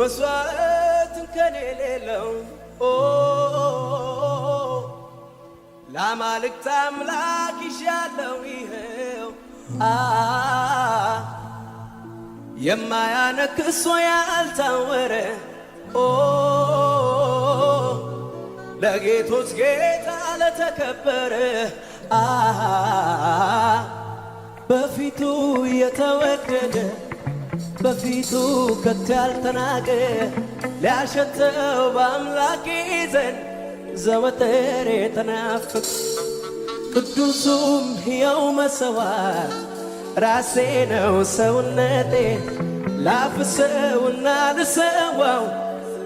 መስዋዕት እንከን ሌለው ለአማልክት አምላክ ይሻለው ይኸው የማያነክሶ ያልታወረ ለጌቶች ጌታ ለተከበረ በፊቱ የተወደደ በፊቱ ከቶ ያልተናቀ ሊያሸተው በአምላኬ ይዘን ዘወትር የተናፍቅ ቅዱሱም ሕያው መሰዋት ራሴ ነው ሰውነቴ ላፍሰውና ልሰዋው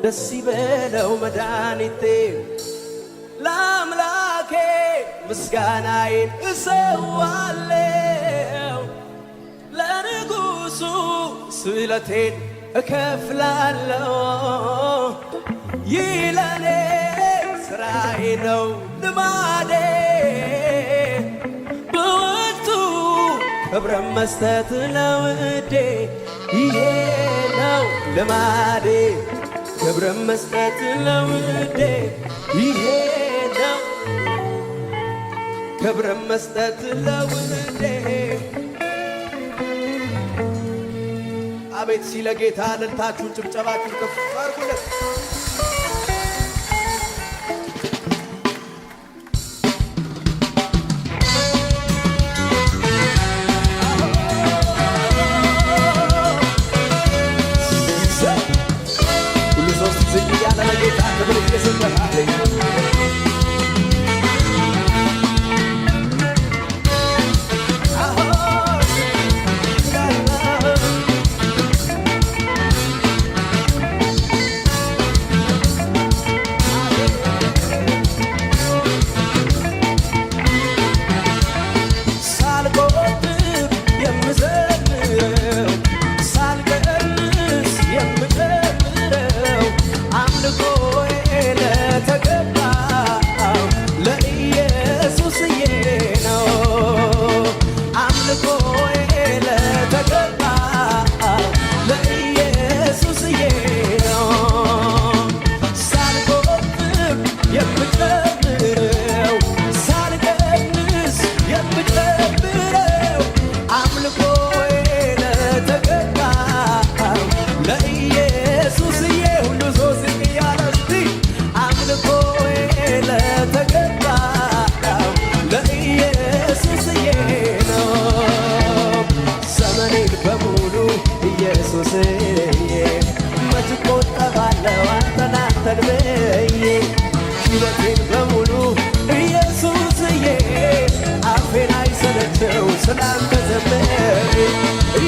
ደስ ይበለው መድኃኒቴ ለአምላኬ ምስጋናዬን እሰዋለው ለንጉሱ ስለቴን እከፍላለሁ ይህ ለኔ ስራዬ ነው ልማዴ በወቅቱ ክብርን መስጠት ለውዴ ይሄ ነው ልማዴ ክብርን መስጠት ለውዴ ይሄ ነው ክብርን መስጠት ለውዴ አቤት ሲለጌታ ጌታ እልልታችሁን ጭብጨባችሁን ከፍ አድርጉለት። አፌን በሙሉ ኢየሱስዬ አፌን አይሰለቸው ስላንተ ዘመር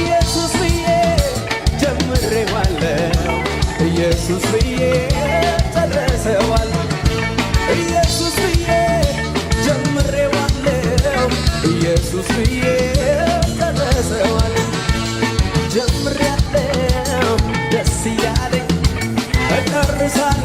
ኢየሱስዬ ጀምሬዋለሁ ኢየሱስዬ ጨረሰዋለሁ ኢየሱስዬ ጀምሬዋለሁ ኢየሱስዬ ጨረሰዋለሁ ጀምሬያለሁ ደስ እያለኝ እጨርሳለሁ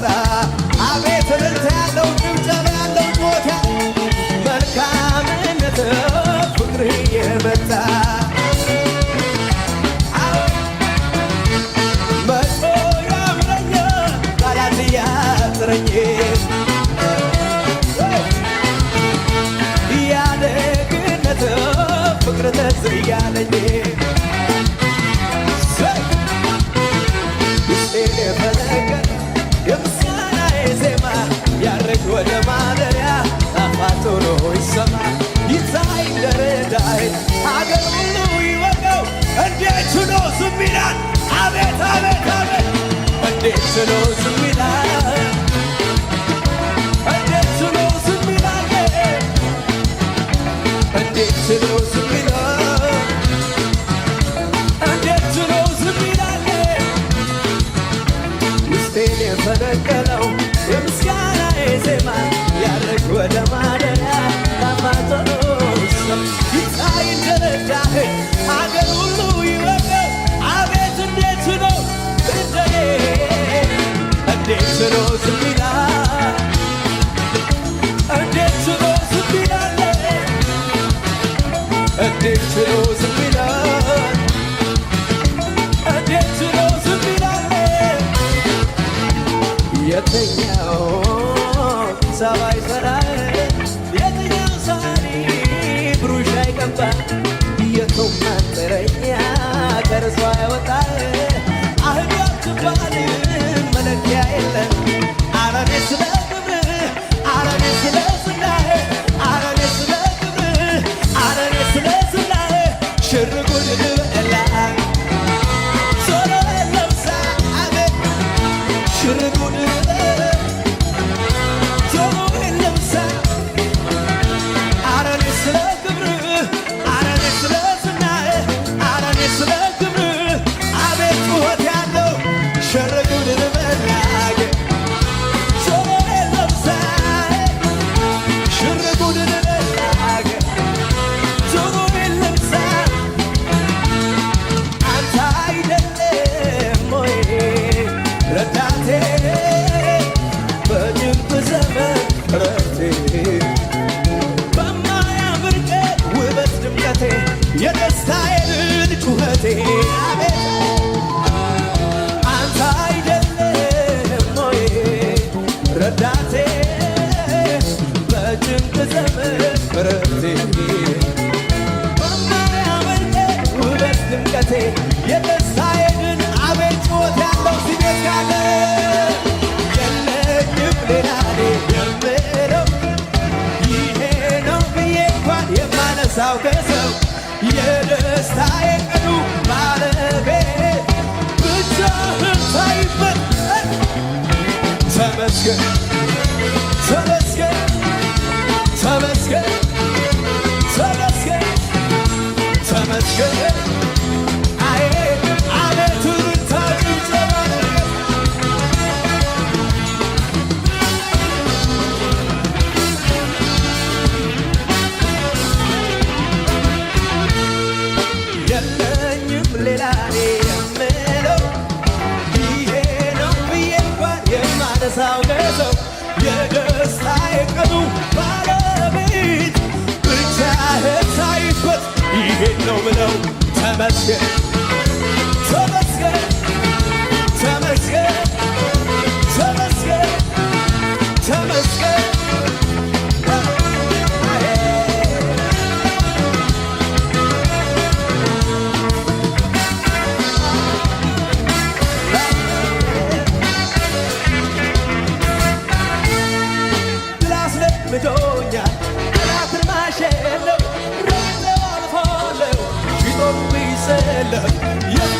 nada. አቤት እንዴት ስሎ ዝም ይላል እንዴት የምስጋና ዜማ ያረግ ወደ እንዴት ችሎ የደስታዬን አቤት ጩኸት ያለው ሲቤት ካለ የለኝም ሌላ የምለው ይሄ ነው ብዬ እንኳን የማነሳው ከሰው የደስታዬ ቀኑ ማለፌ ብቻህን ሳይፈር ተመስገን ተመስገን ተመስገን ተመስገን ተመስገን domino, time I check. love. Yeah.